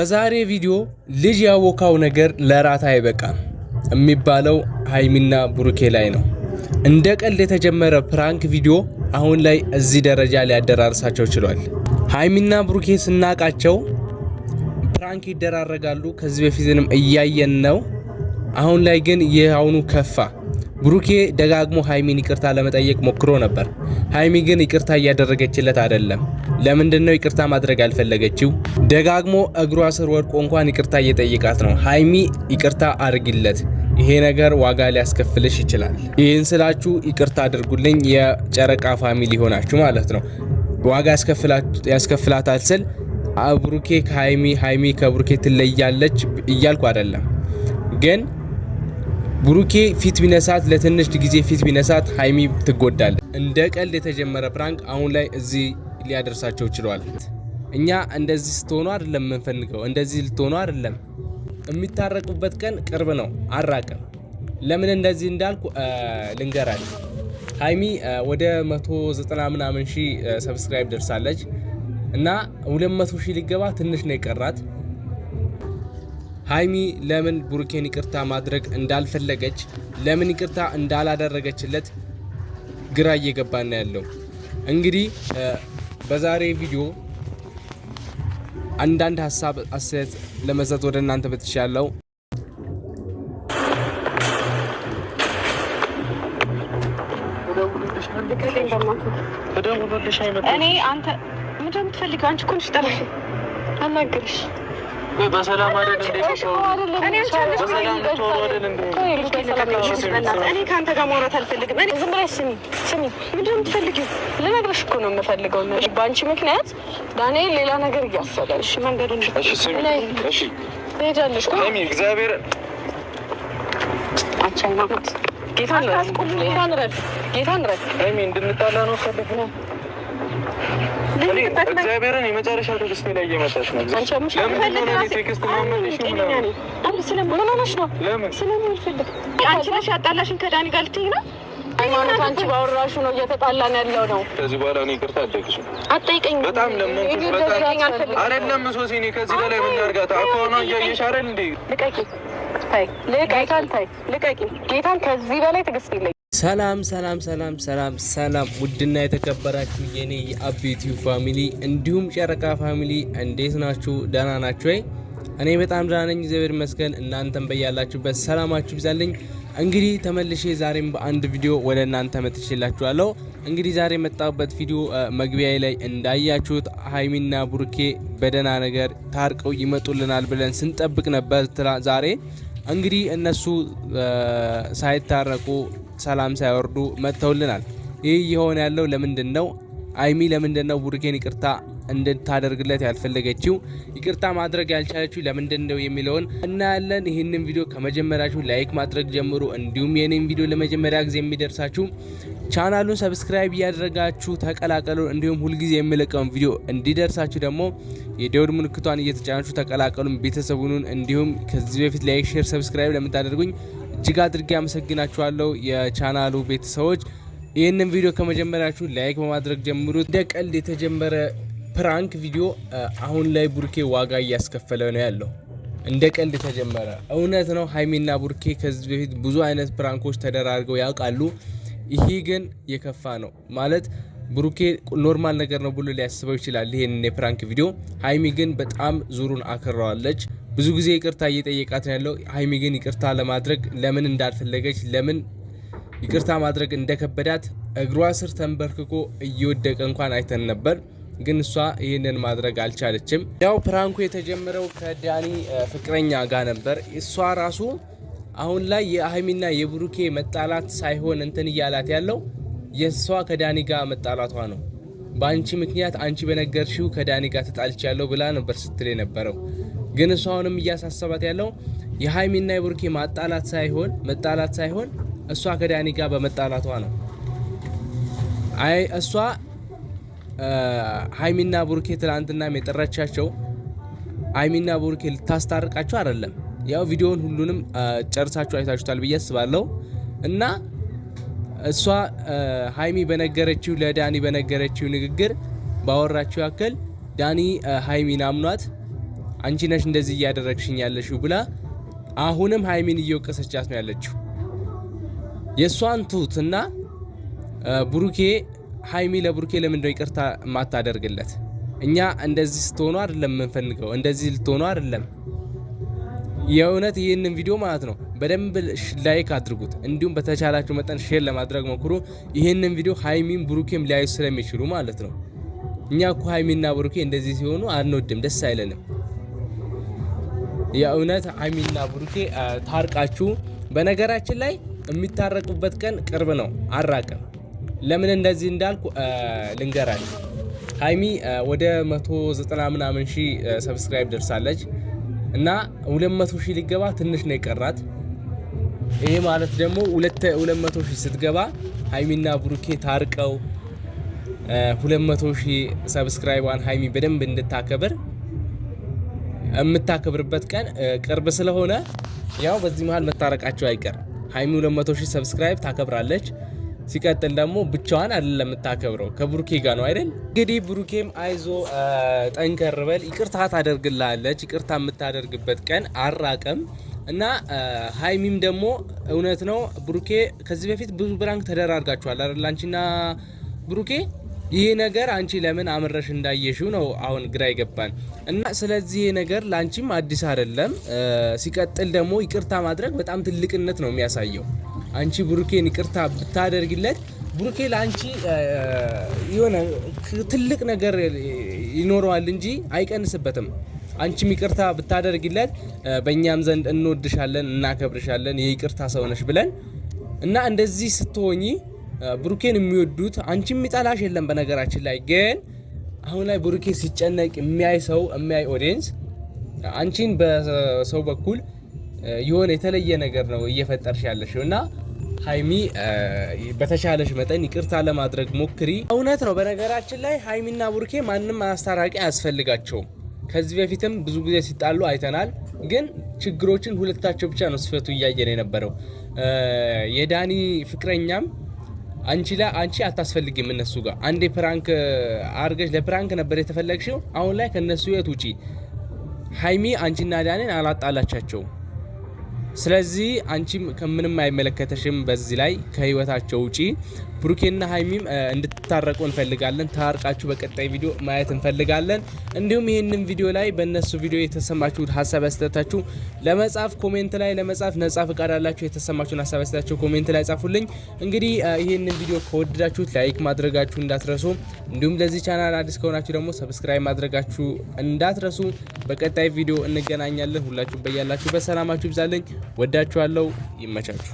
በዛሬ ቪዲዮ ልጅ ያቦካው ነገር ለራት አይበቃም የሚባለው ሀይሚና ብሩኬ ላይ ነው። እንደ ቀልድ የተጀመረ ፕራንክ ቪዲዮ አሁን ላይ እዚህ ደረጃ ሊያደራርሳቸው ችሏል። ሀይሚና ብሩኬ ስናቃቸው ፕራንክ ይደራረጋሉ። ከዚህ በፊትንም እያየን ነው። አሁን ላይ ግን ይህ አሁኑ ከፋ። ብሩኬ ደጋግሞ ሀይሚን ይቅርታ ለመጠየቅ ሞክሮ ነበር። ሀይሚ ግን ይቅርታ እያደረገችለት አይደለም። ለምንድን ነው ይቅርታ ማድረግ ያልፈለገችው? ደጋግሞ እግሯ ስር ወድቆ እንኳን ይቅርታ እየጠየቃት ነው። ሀይሚ ይቅርታ አድርጊለት፣ ይሄ ነገር ዋጋ ሊያስከፍልሽ ይችላል። ይህን ስላችሁ ይቅርታ አድርጉልኝ፣ የጨረቃ ፋሚሊ ሆናችሁ ማለት ነው። ዋጋ ያስከፍላታል ስል ብሩኬ ከሀይሚ ሀይሚ ከብሩኬ ትለያለች እያልኩ አይደለም ግን ብሩኬ ፊት ቢነሳት ለትንሽ ጊዜ ፊት ቢነሳት ሀይሚ ትጎዳለች። እንደ ቀልድ የተጀመረ ፕራንክ አሁን ላይ እዚህ ሊያደርሳቸው ችሏል። እኛ እንደዚህ ስትሆኑ አይደለም የምንፈልገው፣ እንደዚህ ልትሆኑ አይደለም። የሚታረቁበት ቀን ቅርብ ነው፣ አራቅም። ለምን እንደዚህ እንዳልኩ ልንገራል። ሀይሚ ወደ 190 ምናምን ሺህ ሰብስክራይብ ደርሳለች እና 200 ሺ ሊገባ ትንሽ ነው የቀራት ሀይሚ ለምን ብሩኬን ይቅርታ ማድረግ እንዳልፈለገች ለምን ይቅርታ እንዳላደረገችለት ግራ እየገባን ያለው እንግዲህ በዛሬ ቪዲዮ አንዳንድ ሀሳብ አስተያየት ለመስጠት ወደ እናንተ በተሻለው እኔ አንተ ምንድን ነው የምትፈልገው? አንቺ እኮ ነሽ ጠላሽ አናግርሽ በሰላም አይደል እንደ እኔ ከአንተ ጋር ማውራት አልፈልግም። ዝም ብለሽ ስሚ ስሚ፣ ምንድን ነው የምትፈልጊው? ልነግርሽ እኮ ነው የምፈልገው። በአንቺ ምክንያት ዳንኤል ሌላ ነገር እያሰበ መንገዱን ትሄጃለሽ። እግዚአብሔር ጌታን ረድ፣ ጌታን ረድ። እንድንጣላ ነው ፈልግ ነው እግዚአብሔርን የመጨረሻ ትዕግስት ላይ እየመጣች ነው። ያጣላሽን ከዳኒ ጋር ልትይኝ ነው። ሃይማኖት አንቺ ባወራሹ ነው እየተጣላን ያለው ነው። ከዚህ በኋላ እኔ ይቅርታ አትጠይቅሽም፣ አትጠይቀኝም። በጣም አይደለም ሶሲ። እኔ ከዚህ በላይ ምን ላድርጋት? አሁን እያየሽ አይደል እንዴ? ልቀቂ፣ ልቀቂ፣ ጌታን ከዚህ በላይ ትዕግስት የለኝም። ሰላም ሰላም ሰላም ሰላም ሰላም ውድና የተከበራችሁ የኔ የአቤቲዩ ፋሚሊ እንዲሁም ጨረቃ ፋሚሊ እንዴት ናችሁ? ደህና ናችሁ ወይ? እኔ በጣም ደህና ነኝ፣ እግዚአብሔር ይመስገን። እናንተም በያላችሁበት ሰላማችሁ ይብዛልኝ። እንግዲህ ተመልሼ ዛሬም በአንድ ቪዲዮ ወደ እናንተ መጥቼላችኋለሁ። እንግዲህ ዛሬ የመጣሁበት ቪዲዮ መግቢያ ላይ እንዳያችሁት ሀይሚና ቡርኬ በደህና ነገር ታርቀው ይመጡልናል ብለን ስንጠብቅ ነበር ዛሬ እንግዲህ እነሱ ሳይታረቁ ሰላም ሳይወርዱ መጥተውልናል። ይህ የሆነ ያለው ለምንድን ነው? አይሚ ለምንድን ነው ብሩኬን ይቅርታ እንድታደርግለት ያልፈለገችው ይቅርታ ማድረግ ያልቻለችው ለምንድን ነው የሚለውን እናያለን። ይህንን ቪዲዮ ከመጀመሪያችሁ ላይክ ማድረግ ጀምሩ። እንዲሁም የኔም ቪዲዮ ለመጀመሪያ ጊዜ የሚደርሳችሁ ቻናሉን ሰብስክራይብ እያደረጋችሁ ተቀላቀሉ። እንዲሁም ሁልጊዜ የምለቀውን ቪዲዮ እንዲደርሳችሁ ደግሞ የደውድ ምልክቷን እየተጫናችሁ ተቀላቀሉ ቤተሰቡን። እንዲሁም ከዚህ በፊት ላይክ፣ ሼር፣ ሰብስክራይብ ለምታደርጉኝ እጅግ አድርጌ አመሰግናችኋለሁ የቻናሉ ቤተሰቦች። ይህንን ቪዲዮ ከመጀመሪያችሁ ላይክ በማድረግ ጀምሩ። እንደ ቀልድ የተጀመረ ፕራንክ ቪዲዮ አሁን ላይ ቡርኬ ዋጋ እያስከፈለ ነው ያለው። እንደ ቀልድ የተጀመረ እውነት ነው። ሀይሚና ቡርኬ ከዚህ በፊት ብዙ አይነት ፕራንኮች ተደራርገው ያውቃሉ። ይሄ ግን የከፋ ነው ማለት ብሩኬ ኖርማል ነገር ነው ብሎ ሊያስበው ይችላል ይሄንን የፕራንክ ቪዲዮ። ሀይሚ ግን በጣም ዙሩን አክረዋለች። ብዙ ጊዜ ይቅርታ እየጠየቃት ነው ያለው። ሀይሚ ግን ይቅርታ ለማድረግ ለምን እንዳልፈለገች ለምን ይቅርታ ማድረግ እንደከበዳት እግሯ ስር ተንበርክኮ እየወደቀ እንኳን አይተን ነበር። ግን እሷ ይህንን ማድረግ አልቻለችም። ያው ፕራንኩ የተጀመረው ከዳኒ ፍቅረኛ ጋር ነበር። እሷ ራሱ አሁን ላይ የአህሚና የብሩኬ መጣላት ሳይሆን እንትን እያላት ያለው የእሷ ከዳኒ ጋር መጣላቷ ነው። በአንቺ ምክንያት አንቺ በነገርሽው ከዳኒ ጋር ተጣልቻለሁ ብላ ነበር ስትል የነበረው። ግን እሷ አሁንም እያሳሰባት ያለው የሀይሚና የብሩኬ ማጣላት ሳይሆን መጣላት ሳይሆን እሷ ከዳኒ ጋር በመጣላቷ ነው። አይ እሷ ሀይሚና ብሩኬ ትላንትና የጠራቻቸው ሀይሚና ብሩኬ ልታስታርቃቸው አይደለም ያው ቪዲዮውን ሁሉንም ጨርሳችሁ አይታችሁታል ብዬ አስባለሁ እና እሷ ሀይሚ በነገረችው ለዳኒ በነገረችው ንግግር ባወራችው ያክል ዳኒ ሀይሚን አምኗት አንቺ ነሽ እንደዚህ እያደረግሽኝ ያለሽው ብላ አሁንም ሀይሚን እየወቀሰቻት ነው ያለችው። የእሷን እና ብሩኬ ሀይሚ ለብሩኬ ለምንድነው ይቅርታ የማታደርግለት? እኛ እንደዚህ ስትሆኑ አይደለም የምንፈልገው፣ እንደዚህ ልትሆኑ አይደለም የእውነት ይህንን ቪዲዮ ማለት ነው በደንብ ላይክ አድርጉት። እንዲሁም በተቻላችሁ መጠን ሼር ለማድረግ ሞክሩ። ይህንን ቪዲዮ ሀይሚን ብሩኬም ሊያዩ ስለሚችሉ ማለት ነው። እኛ እኮ ሀይሚና ብሩኬ እንደዚህ ሲሆኑ አንወድም፣ ደስ አይለንም። የእውነት ሀይሚና ብሩኬ ታርቃችሁ፣ በነገራችን ላይ የሚታረቁበት ቀን ቅርብ ነው፣ አራቅም። ለምን እንደዚህ እንዳልኩ ልንገራችሁ። ሀይሚ ወደ 190 ምናምን ሺህ ሰብስክራይብ ደርሳለች። እና 200 ሺህ ሊገባ ትንሽ ነው የቀራት። ይሄ ማለት ደግሞ 200 ሺህ ስትገባ ሀይሚና ብሩኬ ታርቀው 200 ሺህ ሰብስክራይቧን ሀይሚ በደንብ እንድታከብር የምታከብርበት ቀን ቅርብ ስለሆነ ያው በዚህ መሀል መታረቃቸው አይቀር። ሀይሚ 200 ሺህ ሰብስክራይብ ታከብራለች። ሲቀጥል ደግሞ ብቻዋን አይደለም የምታከብረው ከብሩኬ ጋር ነው አይደል? እንግዲህ ብሩኬም አይዞ ጠንከር በል ይቅርታ ታደርግልሃለች። ይቅርታ የምታደርግበት ቀን አራቀም እና ሀይሚም ደግሞ እውነት ነው ብሩኬ፣ ከዚህ በፊት ብዙ ብራንክ ተደራርጋችኋል አይደል? አንቺና ብሩኬ ይህ ነገር አንቺ ለምን አምረሽ እንዳየሽው ነው አሁን ግራ ይገባን እና ስለዚህ ይህ ነገር ለአንቺም አዲስ አይደለም። ሲቀጥል ደግሞ ይቅርታ ማድረግ በጣም ትልቅነት ነው የሚያሳየው አንቺ ብሩኬን ይቅርታ ብታደርግለት ብሩኬ ለአንቺ የሆነ ትልቅ ነገር ይኖረዋል እንጂ አይቀንስበትም። አንቺም ይቅርታ ብታደርግለት በእኛም ዘንድ እንወድሻለን፣ እናከብርሻለን፣ የይቅርታ ሰው ብለን እና እንደዚህ ስትሆኚ ብሩኬን የሚወዱት አንቺ የሚጠላሽ የለም። በነገራችን ላይ ግን አሁን ላይ ብሩኬ ሲጨነቅ የሚያይ ሰው የሚያይ ኦዲየንስ አንቺን በሰው በኩል የሆነ የተለየ ነገር ነው እየፈጠርሽ ያለሽው እና ሀይሚ በተሻለሽ መጠን ይቅርታ ለማድረግ ሞክሪ። እውነት ነው። በነገራችን ላይ ሀይሚና ቡርኬ ማንም አስታራቂ አያስፈልጋቸውም። ከዚህ በፊትም ብዙ ጊዜ ሲጣሉ አይተናል። ግን ችግሮችን ሁለታቸው ብቻ ነው ስፈቱ እያየን የነበረው። የዳኒ ፍቅረኛም አንቺ ላይ አንቺ አታስፈልጊም እነሱ ጋር አንዴ ፕራንክ አርገሽ ለፕራንክ ነበር የተፈለግሽው። አሁን ላይ ከነሱ የት ውጪ ሀይሚ አንቺና ዳኒን አላጣላቻቸውም። ስለዚህ አንቺም ከምንም አይመለከተሽም። በዚህ ላይ ከህይወታቸው ውጪ ብሩኬና ሀይሚም እንድትታረቁ እንፈልጋለን። ታርቃችሁ በቀጣይ ቪዲዮ ማየት እንፈልጋለን። እንዲሁም ይህንን ቪዲዮ ላይ በእነሱ ቪዲዮ የተሰማችሁ ሀሳብ ያስተታችሁ ለመጻፍ ኮሜንት ላይ ለመጻፍ ነጻ ፍቃድ አላችሁ። የተሰማችሁን ሀሳብ ያስተታችሁ ኮሜንት ላይ ጻፉልኝ። እንግዲህ ይህንን ቪዲዮ ከወደዳችሁት ላይክ ማድረጋችሁ እንዳትረሱ፣ እንዲሁም ለዚህ ቻናል አዲስ ከሆናችሁ ደግሞ ሰብስክራይብ ማድረጋችሁ እንዳትረሱ። በቀጣይ ቪዲዮ እንገናኛለን። ሁላችሁ በያላችሁ በሰላማችሁ ይብዛለኝ። ወዳችኋለሁ። ይመቻችሁ።